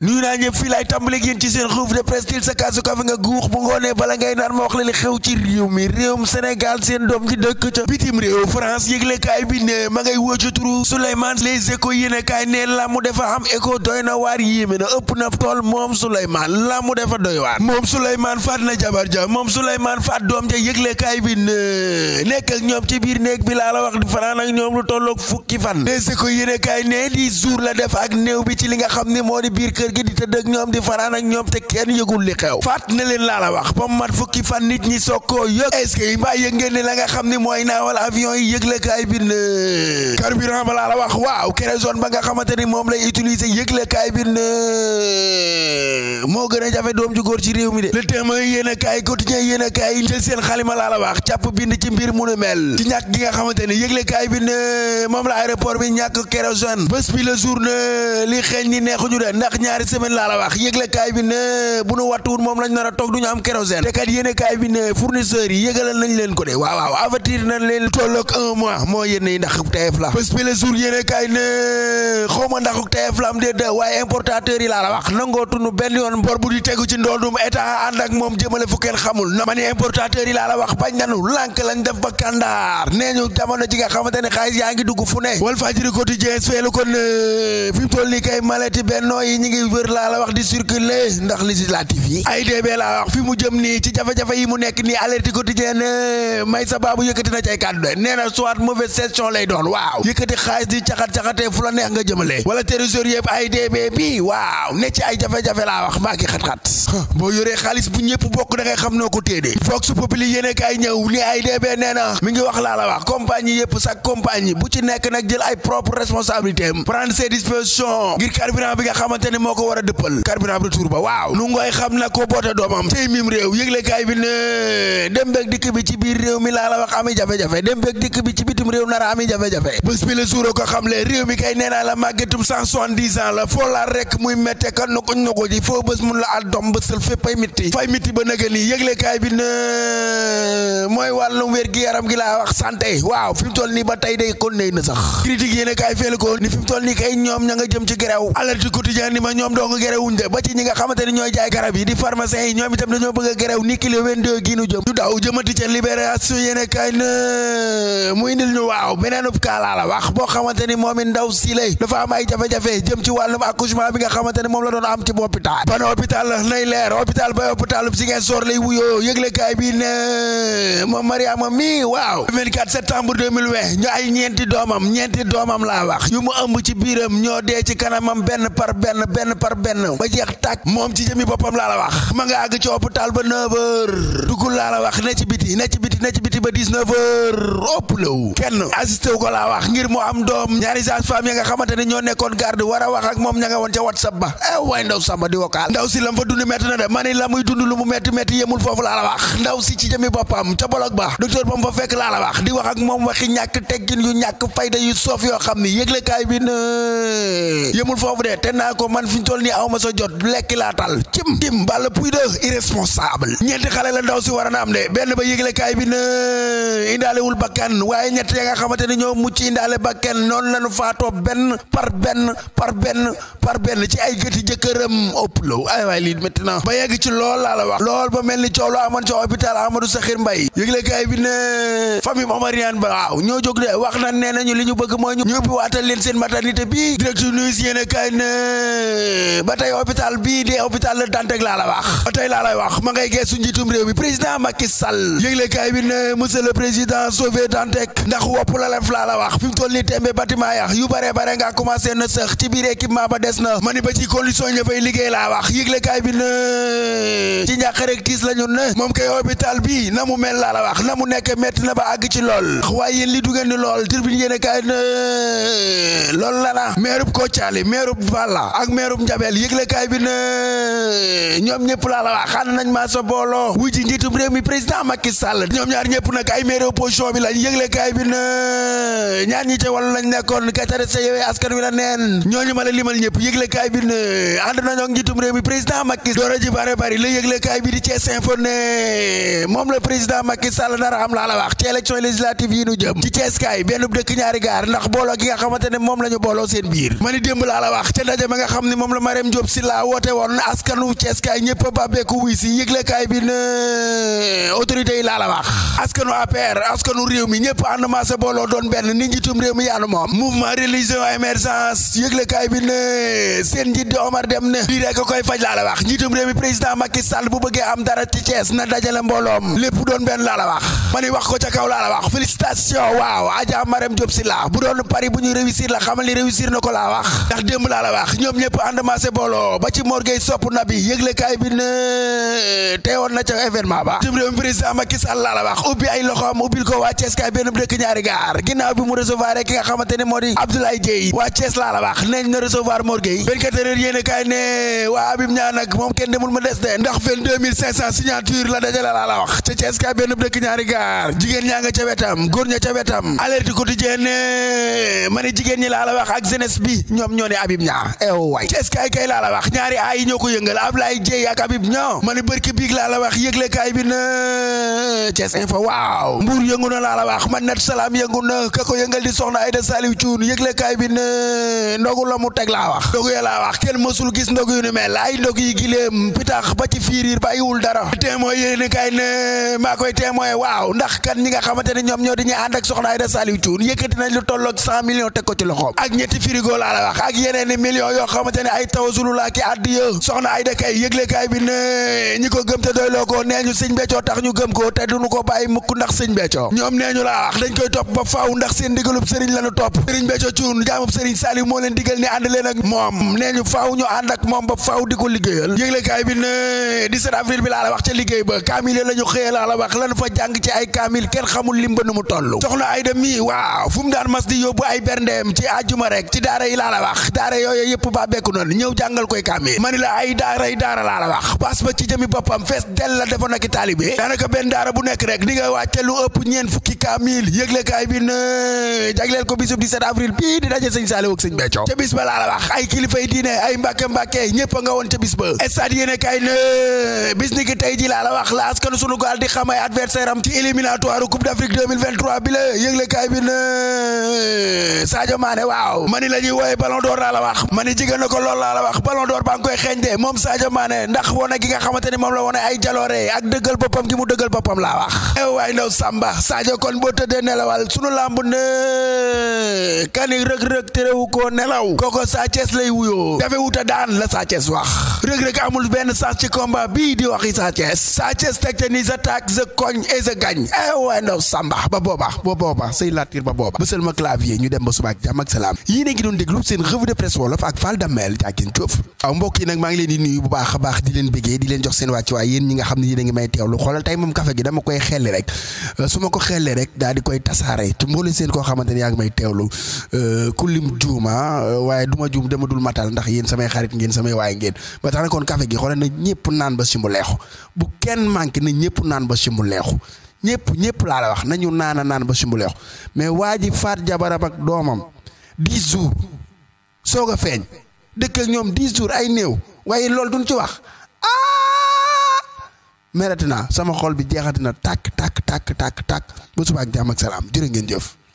nuyu naa ñëpp fii laay tàmbaleeg yéen ci seen revue de presse til sa kaasu kafe nga guux bu ngoonee bala ngay naan ma wax la xew ci réew mi réewum seen doom di dëkk ca bitim réew France yëglekaay bi ne ma ngay wóoca turu Souleymane Les Échos yéenekaay ne la mu defa am écho doy na waar yéeme na ëpp na tool moom Souleymane la mu defa doy waar moom Souleymane faat na jabar ja moom Souleymane faat doom ja yëglekaay bi ne nekk ak ñoom ci biir néeg bi laa la wax di fanaan ak ñoom fukki fan Les Échos yéenekaay ne di jour la def ak néew bi ci li nga xam ne moo di kër gi di tëdd ak ñoom di fanaan ak ñoom te kenn yëgul li xew faat na leen laa la wax ba mat fukki fan nit ñi soog koo yëg est-ce que mbaa yëg ngeen ne la nga xam ni mooy naawal avion yi yëglekaay bi ne carburant ba laa la wax waaw kérosène ba nga xamante ni moom lay utiliser yëglekaay bi ne moo gën a jafe doom ju ci réew mi de le thème yéen a kaay quotidien yéen a kaay seen xalima laa la wax càpp bind ci mbir mu nu mel ci ñàkk gi nga xamante ni yëglekaay bi moom la aéroport bi ñàkk kérosène bés bi le jour ne li xeeñ ni neexuñu ñaari semaine laa la wax yëglekaay bi ne bu nu wattuwul moom lañ nar a toog du ñu am kérosène te kat yéenekaay bi ne fournisseurs yi yëgalal nañ leen ko de waaw avertir nañ leen tolloog un mois moo yénn yi ndax tayef la bés bi le jour yéenekaay ne xaw ndax tayef la am déet waaye importateurs yi laa la wax nangootunu benn yoon bor bu di tegu ci ndoodum état ànd ak moom jëmale fu kenn xamul na ma ni importateurs yi laa la wax bañ nanu lànk lañ def ba kandaar nee ñu jamono wër laa la wax di circuler ndax législatif yi ay dee bee laa wax fi mu jëm nii ci jafe-jafe yi mu nekk nii alerte quotidien may sa baabu yëkkati na ci kàddu nee na soit mauvaise gestion lay doon waaw yëkkati xaalis di caxat-caxatee fu la neex nga jëmale wala trésorier yëpp ay dee bi waaw ne ci ay jafe-jafe laa wax maa ngi xat-xat boo yoree xaalis bu ñëpp bokk da ngay xam noo ko téede vox populi yéene kay ñëw ni ay dee bee nee na mi ngi wax laa la wax compagnie yëpp sa ko war a dëppal carburant ba waaw lu ngoy xam na ko boote doomam tey mim réew yëglekaay bi ne dem beeg dikk bi ci biir réew mi laa la wax ami jafe-jafe dem beeg dikk bi ci bitim réew nara ami jafe-jafe bés bi la suura ko xam le réew mi kay nee naa la màggetum cent dix ans la foo laal rek muy mette ka na ko na ji foo bés mun la at dom bësal fépp ay mitti fay mitti ba naga nii yëglekaay bi ne mooy wàllum wér gi yaram gi laa wax santé waaw fi toll a ñoom dong gerewuñ de ba ci ñi nga xamante ni ñooy jaay garab yi di pharmacien yi ñoom itam dañoo bëgg a gerew ni ki le 22 gi nu jëm du daw jëmati ca libération yéene kay na muy indil ñu waaw beneenub kaa la wax boo xamante ni moom it ndaw si lay dafa am ay jafe-jafe jëm ci wàllum accouchement bi nga xamante ni moom la doon am ci hôpital ban hôpital nay leer hôpital ba hôpital si ngeen soor lay wuyoo yëglekaay bi ne moom Mariama mi waaw 24 septembre 2020 ñu par benn ba jeex tàkk moom ci jëmi boppam laa la wax ma nga àgg ci taal ba 9 heures dugul laa la wax ne ci biti ne ci ne ci biti ba 19 heures ëpp lawu kenn assisté wu ko laa wax ngir mu am doom ñaari sage femme ya nga xamante ñoo nekkoon garde war a wax ak moom ña nga woon ca whatsapp ba eh waay ndaw samba di wokkaal ndaw si lam fa dund metti na de ma ni la muy dund lu mu metti metti yemul foofu laa la wax ndaw si ci jëmi boppam ca bolog ba docteur ba mu fa fekk laa la wax di wax ak moom waxi ñàkk teggin yu ñàkk fayda yu soof yoo xam ni yëglekaay bi ne yemul foofu de te naa ko man fi ñu toll nii sa jot lekki laa tal cim cim a indaalewul bakkan waaye ñett ya nga xamante ni ñoo mucc indaale bakkan noonu lañu faatoo benn par benn par benn par benn ci ay gëti jëkkëram ëpp low ay waay lii maintenant ba yegg ci lool laa la wax lool ba mel ni coow lu amoon ci hôpital Amadou Sakhir Mbaye yëglekaay bi ne famille Omarienne ba waaw ñoo jóg de wax na nee nañu li ñu bëgg mooy ñu ubbi waatal leen seen maternité bi direct news yéenekaay ne ba tey hôpital bii di hôpital Dantec laa la wax ba tey laa ma ngay geesu njiitum réew mi président Macky bi ne monsieur le président sauvé Dantec ndax wopp la lef laa la wax fi mu toll nii tembe bâtiment ya yu bare bare nga commencé na sax ci biir équipement ba des na ma ni ba ci condition ña fay liggéey laa wax yëglekaay bi ne ci ñàkk rek tiis la ne moom kay hôpital bi na mu mel laa la wax na mu nekk metti na ba àgg ci lool waaye li du ngeen ni lool tribune yéen kaay lool la na meerub Koccaali meerub Valla ak meerub Njabel yëglekaay bi ne ñoom ñëpp laa la wax xaan nañ maa sa booloo wu ji ñaar ñëpp nag ay maire opposition bi lañ yëgle kaay bi na ñaar ñi ca wàllu lañ nekkoon ka ca sa yowee askan wi la neen ñooñu ma la limal ñëpp yëgle kaay bi na ànd nañoo ak njiitum réew mi président Macky doora ji bare bari la yëgle bi di Thiès Info moom la président Macky Sall dara am laa la wax ci élection législative yi nu jëm ci Thiès kaay benn dëkk ñaari gaar ndax booloo gi nga xamante ne moom lañu ñu booloo seen biir ma ni démb laa la wax ca daje ma nga xam ne moom la Marème Diop Sylla woote woon askanu Thiès kaay ñëpp a bàbbeeku wuy si yëgle kaay bi na autorité yi laa la tax askanu APR askanu réew mi ñëpp ànd maase booloo doon benn ni njiitum réew mi yaanu moom mouvement religion émergence yëglekaay bi ne seen njiit di Omar Dem ne lii rek koy faj laa la wax njiitum réew mi président Macky Sall bu bëggee am dara ci Thiès na dajale mbooloom lépp doon benn laa la wax ma ni wax ko ca kaw laa la wax félicitation waaw Adja Marème Diop si la bu doon pari bu ñu réussir la xamal ni réussir na ko laa wax ndax démb laa la wax ñoom ba ci morgey sopp na bi yëglekaay bi ne na ca événement wax ubbi ay loxoom ubbil ko waa Thiès kaay benn dëkk ñaari gaar ginnaaw bi mu recevoir ki nga xamante ni moo di Abdoulaye Dieye waa Thiès laa la wax neñ na recevoir Mor Gueye 24 heures yéen kaay ne waa Habib Niang nag moom kenn demul ma des de ndax 22500 signature la dajale laa la wax ca Thiès kaay benn dëkk ñaari gaar jigéen ñaa nga ca wetam góor ña ca wetam alerte quotidien ma ne jigéen ñi laa la wax ak jeunesse bi ñoom ñoo ne Habib Niang ew waay Thiès kaay kay laa la wax info waaw mbuur yëngu na laa la wax ma net salaam yëngu na ka ko yëngal di soxna Aïda Saliou Thioune yëglekaay bi ne ndogu la mu teg laa wax ndogu laa wax kenn mësul gis ndogu yu ni mel ay ndogu yi giléem pitax ba ci fiiriir bàyyiwul dara témoin yéen kaay ne maa koy témoin waaw ndax kan ñi nga xamante ne ñoom ñoo di ñu ànd ak soxna Aïda Saliou Thioune yëkkati nañ lu tolloog cent teg ko ci loxoom ak ñetti frigo laa la wax ak yeneen i millions yoo xamante ne ay tawasulu laa ki àddiya bàyyi mukk ndax sëñ Béthio ñoom nee ñu laa wax dañ koy topp ba faaw ndax seen ndigalub sëriñ lañu topp sëriñ Béthio Thioune jaamub sëriñ Saliou moo leen digal ni ànd leen ak moom nee ñu faaw ñu ànd ak moom ba faaw di ko liggéeyal yëglekaay bi ne 17 avril bi laa la wax ca liggéey ba kaamil la ñu xëyee laa la wax lan fa jàng ci ay kaamil kenn xamul lim nu mu toll soxna Ayda mi waaw fu daan mas di yóbbu ay berndeem ci àjjuma rek ci daara nag di nga wàcce lu ëpp ñeen fukki kaamil yëglekaay bi ne jagleel ko bisub 17 avril bii di daje sëñ Saaliw ak sëñ Béthio ca bis ba laa la wax ay kilifay diine ay mbàkke-mbàkke ñëpp a nga woon ca bis ba stade yéene kaay bis ni ki tey ji laa la wax la askan sunu gaal di xam ay adversaire am ci éliminatoire coupe d'Afrique 2023 bi la yëglekaay bi ne Sadio Mané waaw mani la ñuy wooye ballon d'or laa la wax mani jigéen na ko lool laa la wax ballon d'or baa ngi koy xeeñ de moom Sadio Mané ndax wone gi nga xamante ni moom la wone ay jaloore ak dëggal boppam gi mu dëggal boppam laa wax baax ew eh, waay ndaw sàmba Sadio kon boo tëddee nelawal sunu làmb ne kani rëg-rëg terewu koo nelaw kooko ko Thiès lay wuyoo dafe wuta daan la Sa wax rëg-rëg amul benn sens ci bii di waxi Sa Thiès teg te ni je attaque je cogne et je gagne ew eh, waay ndaw sàmba ba booba ba booba sëy latir ba booba bësal ma clavier ñu dem ba suba ak jàmm ak salaam yéen a ngi doon seen revue de presse wolof ak Fall Damel jaakin Joof waaw mbokk yi nag maa ngi leen a baax a ngi may teewlu moom café gi dama xelli rek euh, su ma ko xellee rek daal di koy tasaare te mboole seen koo xamante ni yaa ngi may teewlu euh, ku lim juuma euh, waaye du ma juum dama dul matal ndax yéen samay xarit ngeen samay waaye ngeen ba tax na kon café gi xoolal na ñëpp naan ba simbu leexu bu kenn manqué na ñëpp naan ba simbu leexu ñëpp ñëpp laa la wax nañu naan a naan ba simbu leexu mais waa ji faat jabaram ak doomam dix jours soog a feeñ dëkk ñoom dix jours ay néew waaye loolu duñ ci wax ah! merati naa sama xol bi jeexati na tàkk tàkk tàkk tàkk tàkk ba suba ak jàmm ak salaam jërë ngeen jëf.